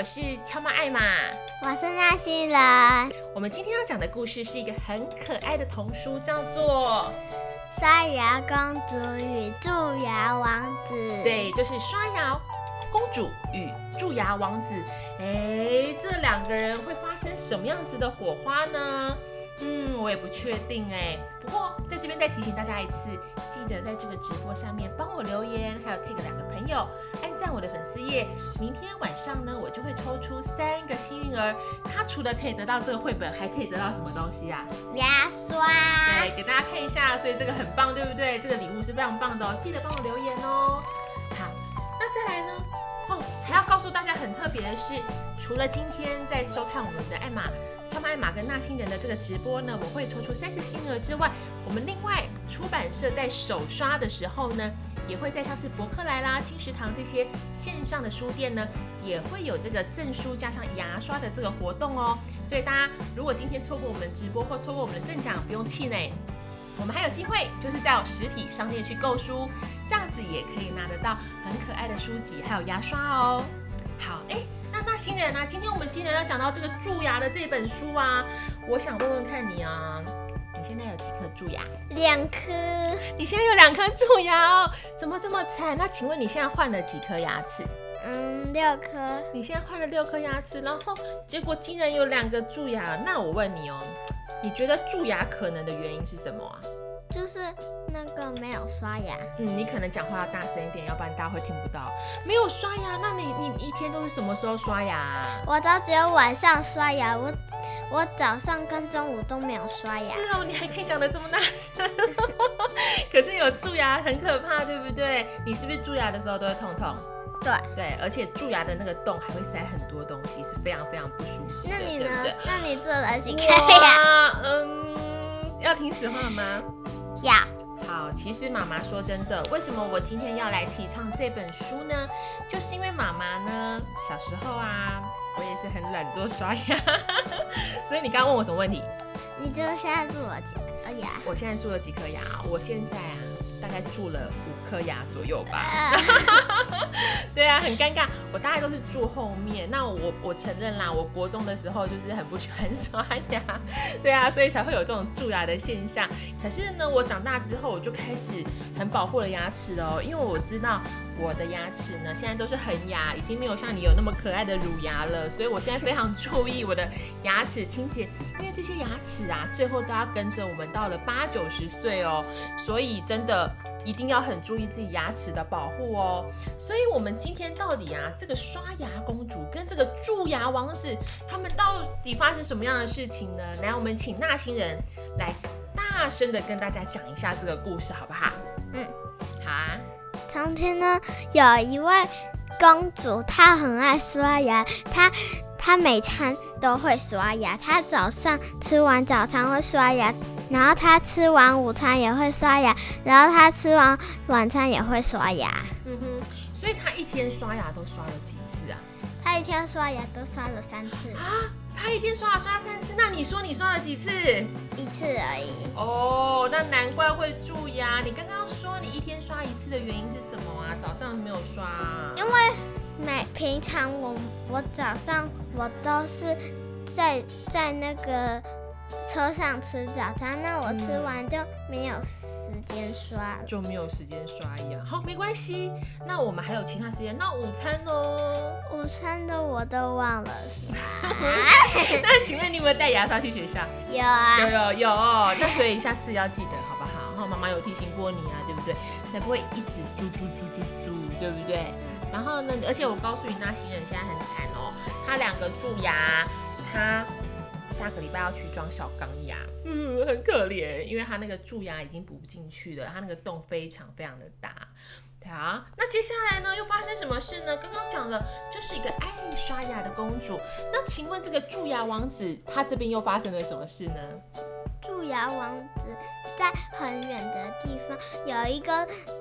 我是俏媽艾瑪，我是 NA 星人。我們今天要講的故事是一個很可愛的童書，叫做《刷牙公主與蛀牙王子》。對，就是刷牙公主與蛀牙王子。哎、欸，這兩個人會發生什麼樣子的火花呢？嗯，我也不確定哎。不過在這邊再提醒大家一次，記得在這個直播下面幫我留言，還有 take 兩個朋友，按讚我的粉絲頁。明天晚上呢，我就會抽出三個幸運兒，他除了可以得到這個繪本，還可以得到什麼東西啊？牙刷。對，給大家看一下，所以這個很棒，對不對？這個禮物是非常棒的哦，記得幫我留言哦。告訴大家很特別的是，除了今天在收看我們的艾瑪俏媽艾瑪跟 NA 星人的這個直播呢，我會抽出三個幸運兒之外，我們另外出版社在首刷的時候呢，也會在像是博客來啦、金石堂這些線上的書店呢，也會有這個贈書加上牙刷的這個活動哦。所以大家如果今天錯過我們直播或錯過我們的贈獎，不用氣餒，我們還有機會，就是在實體商店去購書，這樣子也可以拿得到很可愛的書籍還有牙刷哦。好，誒、欸，那那 NA 星人啊，今天我們竟然要講到這個蛀牙的這本書啊，我想問問看你啊，你現在有幾顆蛀牙？兩顆。你現在有兩顆蛀牙哦，怎麼這麼慘？那請問你現在換了幾顆牙齒？嗯，六顆。你現在換了六顆牙齒，然後結果竟然有兩個蛀牙，那我問你哦，你覺得蛀牙可能的原因是什麼啊？就是那個沒有刷牙。嗯，你可能講話要大聲一點，要不然大家會聽不到。沒有刷牙，那你你一天都是什麼時候刷牙啊？我都只有晚上刷牙，我我早上跟中午都沒有刷牙。是哦，你還可以講得這麼大聲。 可是有蛀牙很可怕，對不對？你是不是蛀牙的時候都會痛痛？對對，而且蛀牙的那個洞還會塞很多東西，是非常非常不舒服。那你呢？那你做的怎麼樣呀？ 嗯，要聽實話嗎？要、yeah. 好，其實媽媽說真的，為什麼我今天要來提倡這本書呢？就是因為媽媽呢，小時候啊，我也是很懶惰刷牙， 所以你剛剛問我什麼問題？你就是現在蛀了幾顆牙？我現在蛀了幾顆牙？我現在啊。大概蛀了五顆牙左右吧， 對啊，很尷尬。我大概都是蛀後面。那我我承認啦，我國中的時候就是很不喜歡刷牙，對啊，所以才會有這種蛀牙的現象。可是呢，我長大之後我就開始很保護了牙齒哦，因為我知道。我的牙齒呢，現在都是恆牙，已經沒有像你有那麼可愛的乳牙了，所以我現在非常注意我的牙齒清潔，因為這些牙齒啊，最後都要跟着我們到了八九十歲哦，所以真的一定要很注意自己牙齒的保護哦。所以，我們今天到底啊，這個刷牙公主跟這個蛀牙王子，他們到底發生什麼樣的事情呢？來，我們請 NA 星人來大聲的跟大家講一下這個故事，好不好？嗯，好啊。從前呢，有一位公主，她很愛刷牙，她她每餐都會刷牙，她早上吃完早餐會刷牙，然後她吃完午餐也會刷牙，然後她吃完晚餐也會刷牙。嗯哼，所以她一天刷牙都刷了幾次啊？她一天刷牙都刷了三次啊。他一天刷了刷了三次，那你說你刷了幾次？一次而已。哦、oh，那難怪會蛀牙，啊。你剛剛說你一天刷一次的原因是什麼啊？早上沒有刷，啊。因為每平常我我早上我都是在在那個。車上吃早餐，那我吃完就沒有時間刷，嗯，就沒有時間刷牙。好，沒關係，那我們還有其他時間，那午餐哦。午餐的我都忘了。 啊， 那請問你有沒有帶牙刷去學校？有啊，有有有。哦。那所以下次要記得，好不好？然後媽媽有提醒過你啊，對不對？才不會一直蛀蛀蛀蛀蛀，對不對？然後呢，而且我告訴你，NA 星人現在很慘哦，他兩個蛀牙，他。下個禮拜要去裝小鋼牙，嗯，很可憐，因為他那個蛀牙已經補不進去了，他那個洞非常非常的大。好、啊，那接下來呢，又發生什麼事呢？剛剛講了，就是一個愛刷牙的公主。那請問這個蛀牙王子，他這邊又發生了什麼事呢？蛀牙王子在很遠的地方有一個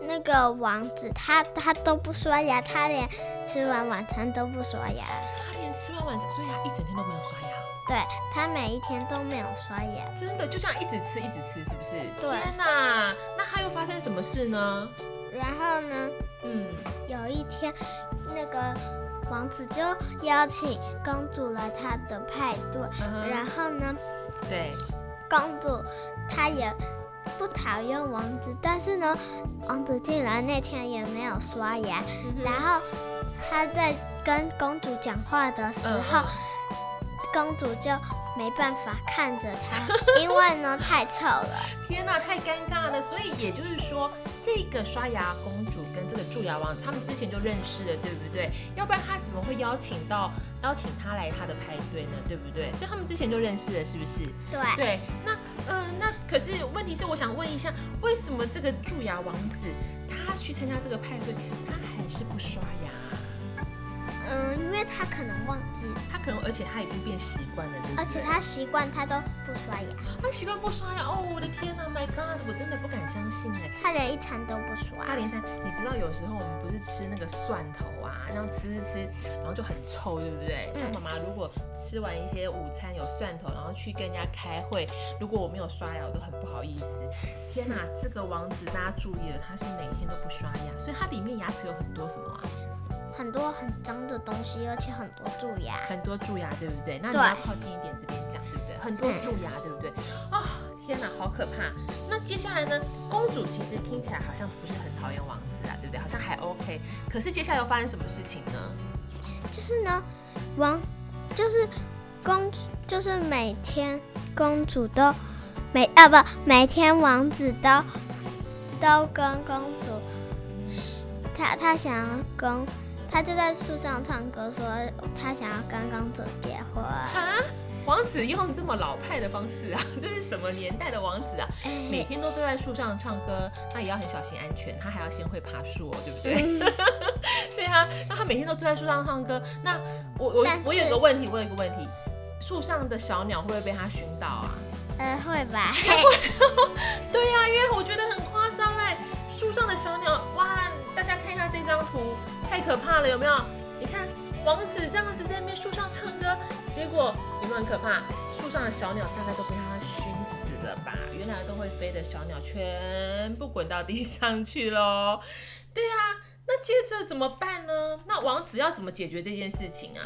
那個王子，他他都不刷牙，他連吃完晚餐都不刷牙，他連吃完晚餐，所以他、啊、一整天都沒有刷牙。對，他每一天都沒有刷牙，真的就像一直吃一直吃，是不是？對，天吶！那他又發生什麼事呢？然後呢？嗯，有一天，那個王子就邀請公主來他的派對，嗯，然後呢？對，公主她也不討厭王子，但是呢，王子進來那天也沒有刷牙，嗯、然後他在跟公主講話的時候。嗯嗯公主就沒辦法看着他，因為呢太醜了。 天啊，太尷尬了。所以也就是說，這個刷牙公主跟這個蛀牙王子他們之前就認識了，對不對？要不然他怎麼會邀請到邀請他來他的派對呢？對不對？所以他們之前就認識了，是不是？對。對。那嗯、呃，那可是問題是，我想問一下，為什麼這個蛀牙王子他去參加這個派對，他還是不刷牙？嗯，因為他可能忘記，他可能，而且他已經變習慣了，對對，而且他習慣他都不刷牙，他習慣不刷牙哦，我的天吶、啊、My God，我真的不敢相信哎、欸，他連一餐都不刷，他連三你知道有時候我們不是吃那個蒜頭啊，然後吃吃吃，然後就很臭，對不對？嗯、像媽媽如果吃完一些午餐有蒜頭，然後去跟人家開會，如果我沒有刷牙，我都很不好意思。天哪、啊嗯，這個王子大家注意了，他是每天都不刷牙，所以他裡面牙齒有很多什麼啊？很多很髒的東西，而且很多蛀牙，很多蛀牙，對不對？那你要靠近一點這邊講，對,對不對？很多蛀牙，對不對？啊、嗯哦，天哪，好可怕！那接下來呢？公主其實聽起來好像不是很討厭王子啊，對不對？好像還 OK。可是接下來又發生什麼事情呢？就是呢，王就是公主，就是每天公主都每啊不每天王子都都跟公主，她她想要跟。他就在樹上唱歌，說他想要跟王子結婚啊。啊，王子用這麼老派的方式啊，這是什麼年代的王子啊？欸、每天都坐在樹上唱歌，那也要很小心安全，他還要先會爬樹，哦，對不對？嗯、 對啊，那他每天都坐在樹上唱歌，那我我我有個問題，我有一個問題，樹上的小鳥會不會被他燻到啊？嗯、呃，會吧？會， 對呀、啊，因為我覺得很誇張哎，樹上的小鳥哇。大家看一下這張圖，太可怕了，有沒有？你看王子這樣子在那邊樹上唱歌，結果有沒有很可怕？樹上的小鳥大概都被他熏死了吧？原來都會飛的小鳥全部滾到地上去嘍。對啊。那接着怎麼辦呢？那王子要怎麼解決這件事情啊？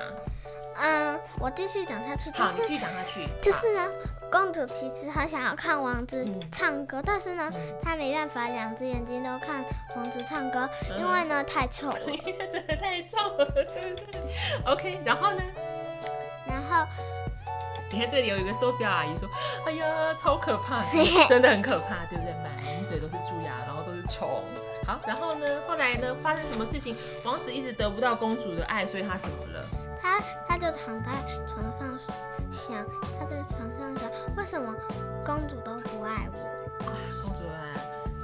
嗯，我繼續講下去。好，就是、你繼續講下去。就是呢，公主其實她想要看王子唱歌，嗯、但是呢、嗯，她沒辦法兩隻眼睛都看王子唱歌，因為呢太醜了， 真的太臭了。對不對？OK，然後呢？然後，你看這裡有一個 Sophia 阿姨說：“哎呀，超可怕，真的很可怕， 對不對？滿嘴都是蛀牙，然後都是蟲。”好，然後呢？後來呢？發生什麼事情？王子一直得不到公主的愛，所以他怎麼了？他他就躺在床上想，他在床上想，為什麼公主都不愛我？啊，公主啊，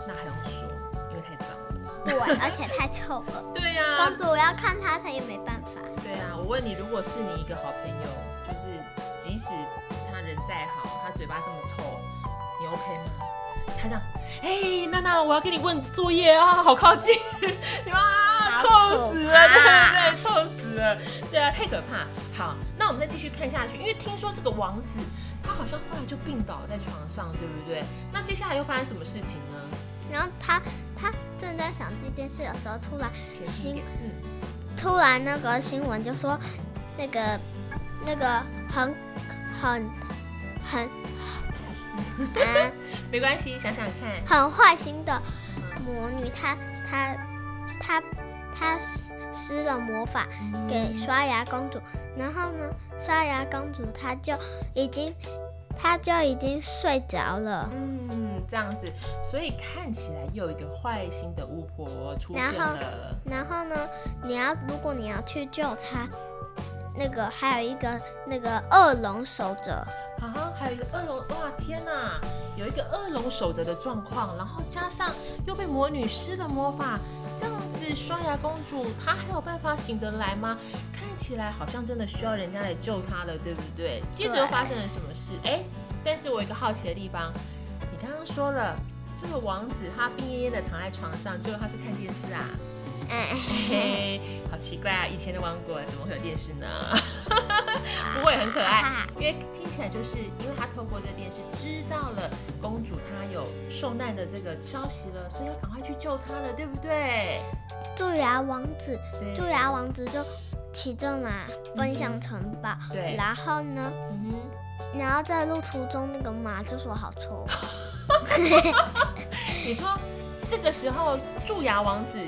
那還用說？因為太髒了。對，而且太臭了。 對呀、啊，公主我要看她，她也沒辦法。對啊，我問你，如果是你一個好朋友，就是即使他人再好，他嘴巴這麼臭，你 OK 嗎？他這樣：“哎，娜娜，我要跟你問作業啊，好靠近，哇、啊，臭死了，對，對對，臭死了，對啊，太可怕。”好，那我們再繼續看下去，因為聽說這個王子他好像後來就病倒在床上，對不對？那接下來又發生什麼事情呢？然後他他正在想這件事的時候，突然新天天、嗯，突然那個新聞就說、那個，那個那個很很很。很很很.啊、沒關係，想想看。很壞心的魔女，她她她她施施了魔法給刷牙公主，嗯、然後呢，刷牙公主她就已經她就已經睡着了。嗯，這樣子，所以看起來又一個壞心的巫婆出現了。然後，然後呢，你要如果你要去救她，那個還有一個那個惡龍守著，好好。還有一個惡龍哇！天哪，啊，有一個惡龍守着的狀況，然後加上又被魔女施了魔法，這樣子刷牙公主她還有辦法醒得來嗎？看起來好像真的需要人家來救她了，對不對？接着又發生了什麼事？哎，欸，但是我有一個好奇的地方，你剛剛說了這個王子他病懨懨的躺在床上，結果他是看電視啊？嗯，嘿，嘿，好奇怪啊！以前的王國怎麼會有電視呢？ 不過也很可愛，因為聽起來就是因為他透過這電視知道了公主她有受難的這個消息了，所以要趕快去救她了，對不對？蛀牙王子，蛀牙王子就騎着馬奔向城堡，嗯嗯。對，然後呢？嗯然後在路途中，那個馬就 說：“好臭。”你說這個時候蛀牙王子。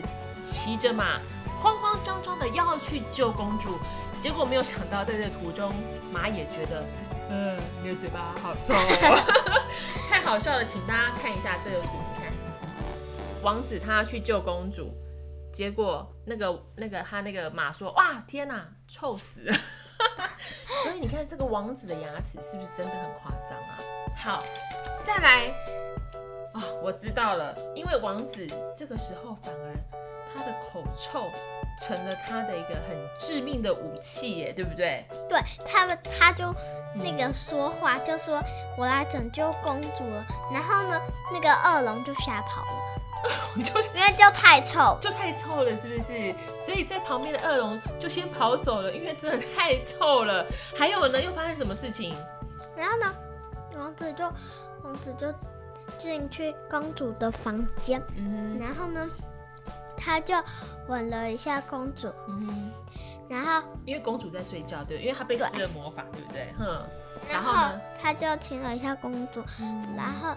騎着馬，慌慌張張的要去救公主，結果沒有想到，在這個途中，馬也覺得，呃，你的嘴巴好臭啊， 太好笑了，請大家看一下這個圖，你看，王子他要去救公主，結果那個那個他那個馬說，哇，天哪，臭死了， 所以你看這個王子的牙齒是不是真的很誇張啊？好，再來，啊，我知道了，因為王子這個時候反而。口臭成了他的一個很致命的武器，耶，對不對？對，他們他就那個說話、嗯、就說：“我來拯救公主了。”然後呢，那個惡龍就嚇跑了 就，因為就太臭，就太臭了，是不是？所以在旁邊的惡龍就先跑走了，因為真的太臭了。還有呢，又發生什麼事情？然後呢，王子就王子就進去公主的房間，嗯、然後呢？他就吻了一下公主，嗯、然後因為公主在睡覺，對，對，因為她被施了魔法，對，對不對？哼、嗯。然後呢，他就親了一下公主，然後、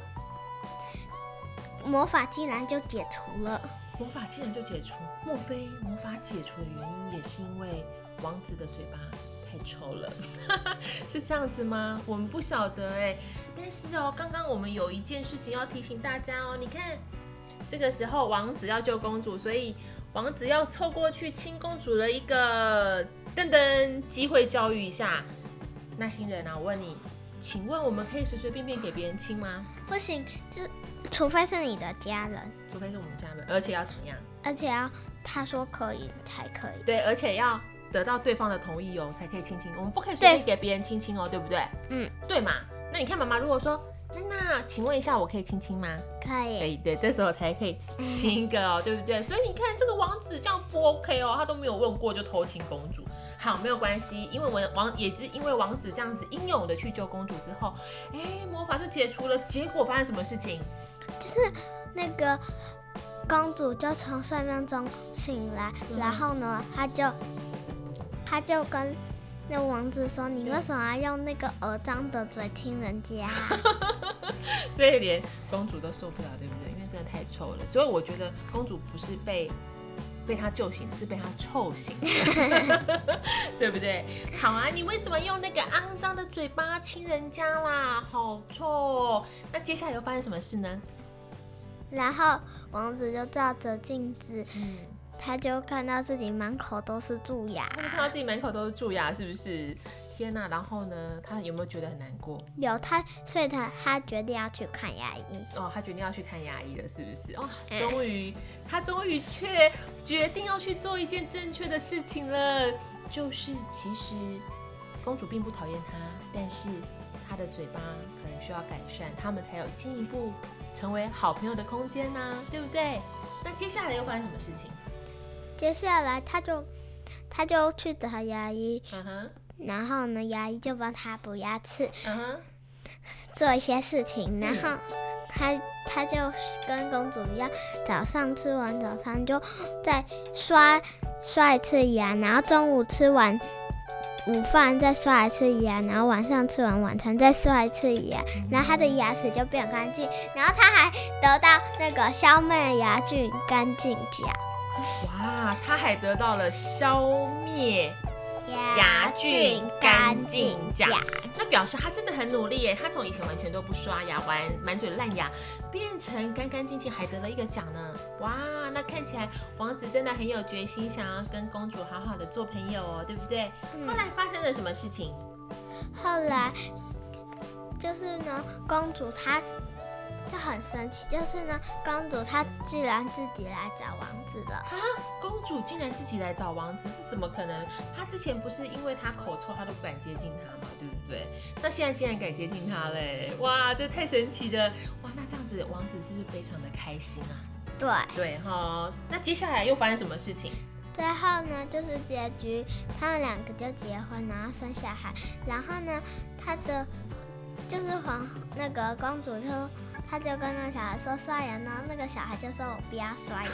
嗯、魔法竟然就解除了。魔法竟然就解除？莫非魔法解除的原因也是因為王子的嘴巴太臭了？ 是這樣子嗎？我們不曉得哎、欸。但是哦，剛剛我們有一件事情要提醒大家哦，你看。這個時候，王子要救公主，所以王子要湊過去親公主的一個噔噔，機會教育一下 NA 星人啊。我問你，請問我們可以隨隨便便給別人親嗎？不行，就是除非是你的家人，除非是我們家人，而且要怎麼樣？而且要他說可以才可以。對，而且要得到對方的同意哦，才可以親親。我們不可以隨便給別人親親哦對，對不對？嗯，對嘛。那你看媽媽，如果說。那請問一下，我可以親親嗎？可以，可以對，這時候才可以親一個哦、嗯，對不對？所以你看，這個王子這樣不 OK 哦，他都沒有問過就偷親公主。好，沒有關係，因為王王也是因為王子這樣子英勇的去救公主之後，哎、欸，魔法就解除了。結果發生什麼事情？就是那個公主就從睡夢中醒來、嗯，然後呢，她就她就跟。那王子說：“你為什麼要用那個骯髒的嘴親人家啊？” 所以連公主都受不了，對不對？因為真的太臭了。所以我覺得公主不是被被他救醒，是被他臭醒的， 對不對？好啊，你為什麼用那個骯髒的嘴巴親人家啦？好臭哦！那接下來又發生什麼事呢？然後王子就照着鏡子。嗯他就看到自己滿口都是蛀牙，他就看到自己滿口都是蛀牙，是不是？天哪、啊！然後呢？他有沒有覺得很難過？有他，所以他他決定要去看牙醫。哦，他決定要去看牙醫了，是不是？哦，終於，他終於卻決定要去做一件正確的事情了。 就是，其實公主並不討厭他，但是他的嘴巴可能需要改善，他們才有進一步成為好朋友的空間呢、啊，對不對？那接下來又發生什麼事情？接下來他就他就去找牙醫，uh -huh. 然後呢，牙醫就幫他補牙齒，uh -huh. 做一些事情。然後他他就跟公主一樣，早上吃完早餐就再刷刷一次牙，然後中午吃完午飯再刷一次牙，然後晚上吃完晚餐再刷一次牙，uh -huh. 然後他的牙齒就變乾淨。然後他還得到那個消滅牙菌乾淨獎。哇，他還得到了消滅牙菌乾淨獎，那表示他真的很努力耶！他從以前完全都不刷牙，完滿嘴爛牙，變成乾乾淨淨，還得了一個獎呢！哇，那看起來王子真的很有決心，想要跟公主好好的做朋友哦，對不對？嗯、後來發生了什麼事情？後來就是呢，公主她。就很神奇，就是呢，公主她竟然自己來找王子了啊！公主竟然自己來找王子，這怎麼可能？她之前不是因為她口臭，她都不敢接近他嘛，對不對？那現在竟然敢接近他嘞，哇，這太神奇的哇！那這樣子，王子是不是非常的開心啊？對對哈，那接下來又發生什麼事情？最後呢，就是結局，他們兩個就結婚，然後生小孩，然後呢，他的就是皇那個公主就。他就跟那個小孩說刷牙呢，那個小孩就說，我不要刷牙，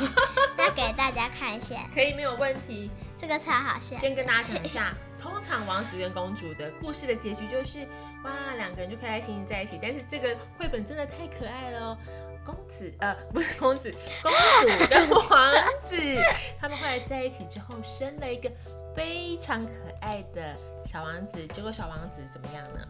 要給大家看一下， 可以沒有問題，這個超好笑。先跟大家講一下， 通常王子跟公主的故事的結局就是，哇，兩個人就開開心心在一起。但是這個繪本真的太可愛了哦，公子呃不是公子，公主跟王子，他們後來在一起之後生了一個非常可愛的小王子。結果小王子怎麼樣呢？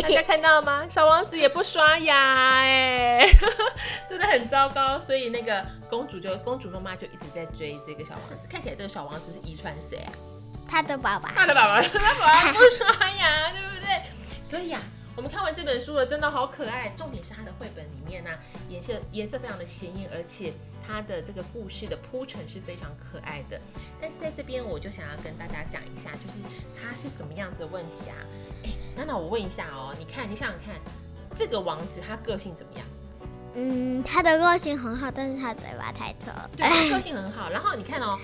大家看到了嗎？小王子也不刷牙哎、欸， 真的很糟糕。所以那個公主就公主媽媽就一直在追這個小王子。看起來這個小王子是遺傳誰啊？他的爸爸，他的爸爸，他爸爸不刷牙， 對不對？所以呀、啊。我們看完這本書了，真的好可愛。重點是它的繪本裡面呢、啊，顏色顏色非常的鮮艷，而且它的這個故事的鋪陳是非常可愛的。但是在這邊，我就想要跟大家講一下，就是它是什麼樣子的問題啊？哎、欸，娜娜，我問一下哦、喔，你看，你想想看，這個王子他個性怎麼樣？嗯，他的個性很好，但是他的嘴巴太臭。對，他個性很好。然後你看哦、喔，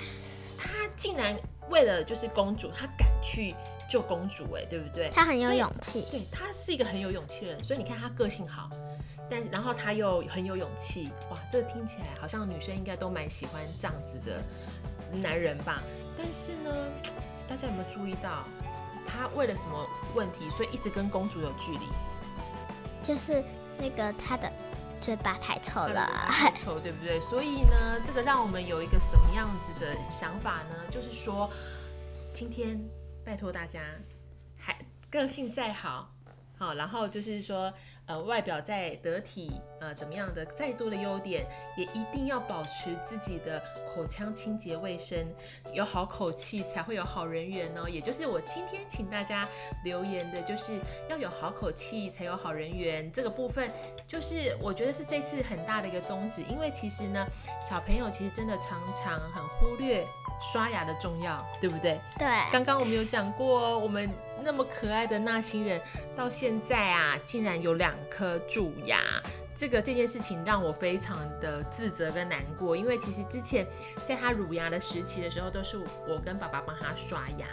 他竟然為了就是公主，他敢去。救公主哎，對不對？她很有勇氣，對，她是一個很有勇氣的人，所以你看她個性好，但然後她又很有勇氣，哇，這個聽起來好像女生應該都蠻喜歡這樣子的男人吧？但是呢，大家有沒有注意到，他為了什麼問題，所以一直跟公主有距離？就是那個他的嘴巴太臭了，太臭，對不對？所以呢，這個讓我們有一個什麼樣子的想法呢？就是說今天。拜託大家，還個性再好，好，然後就是說，呃，外表再得體，呃，怎麼樣的，再多的優點，也一定要保持自己的口腔清潔衛生，有好口氣才會有好人緣哦。也就是我今天請大家留言的，就是要有好口氣才有好人緣這個部分，就是我覺得是這次很大的一個宗旨，因為其實呢，小朋友其實真的常常很忽略。刷牙的重要，對不對？對。剛剛我們有講過，我們那麼可愛的 NA 星人，到現在啊，竟然有兩顆蛀牙。這個這件事情讓我非常的自責跟難過，因為其實之前在他乳牙的時期的時候，都是我跟爸爸幫他刷牙。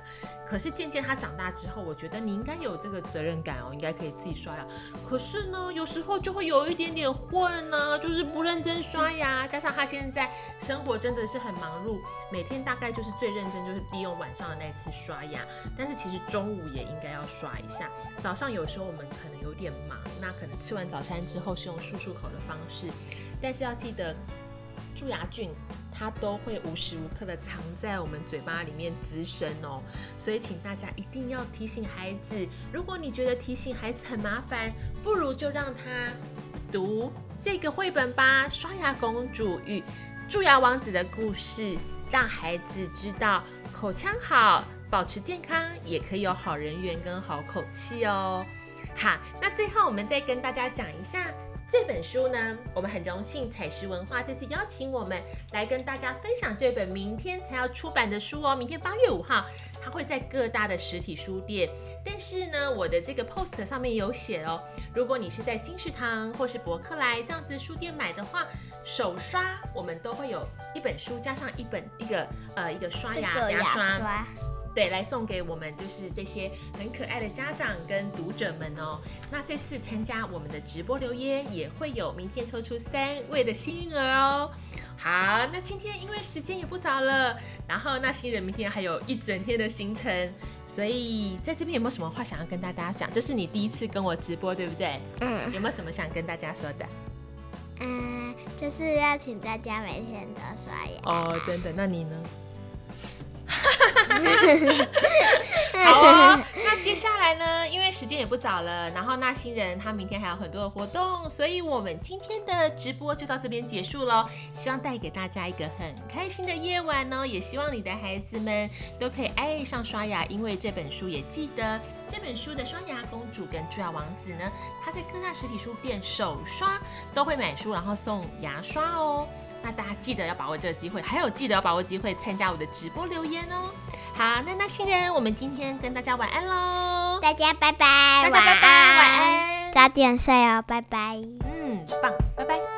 可是漸漸他長大之後，我覺得你應該有這個責任感哦，應該可以自己刷牙。可是呢，有時候就會有一點點混啊，就是不認真刷牙。加上他現在生活真的是很忙碌，每天大概就是最認真就是利用晚上的那次刷牙，但是其實中午也應該要刷一下。早上有時候我們可能有點忙，那可能吃完早餐之後是用漱。漱口的方式，但是要記得，蛀牙菌它都會無時無刻的藏在我們嘴巴裡面滋生哦，所以請大家一定要提醒孩子。如果你覺得提醒孩子很麻煩，不如就讓他讀這個繪本吧，《刷牙公主與蛀牙王子的故事》，讓孩子知道口腔好，保持健康也可以有好人緣跟好口氣哦。好，那最後我們再跟大家講一下。這本書呢，我們很榮幸，采實文化這次邀請我們來跟大家分享這本明天才要出版的書哦。明天八月五號，它會在各大的實體書店。但是呢，我的這個 post 上面有寫哦，如果你是在金石堂或是博客來這樣子書店買的話，首刷我們都會有一本書加上一本一個呃一個刷牙、這個、牙刷。牙刷對，來送給我們就是這些很可愛的家長跟讀者們哦。那這次參加我們的直播留言也會有，明天抽出三位的幸運兒哦。好，那今天因為時間也不早了，然後那 NA 星人明天還有一整天的行程，所以在這邊有沒有什麼話想要跟大家講？這是你第一次跟我直播，對不對？嗯。有沒有什麼想跟大家說的？嗯，就是要請大家每天都刷牙哦。真的？那你呢？ 好、哦、那接下來呢？因為時間也不早了，然後 NA 星人他明天還有很多的活動，所以我們今天的直播就到這邊結束嘍、哦。希望帶給大家一個很開心的夜晚呢、哦，也希望你的孩子們都可以愛上刷牙，因為這本書也記得，這本書的刷牙公主跟蛀牙王子呢，他在各大實體書店首刷都會買書，然後送牙刷哦。那大家記得要把握這個機會，還有記得要把握機會參加我的直播留言哦、喔。好，那那 NA 星人，我們今天跟大家晚安嘍，大家拜拜，大家拜拜晚。晚安，早點睡哦，拜拜。嗯，棒，拜拜。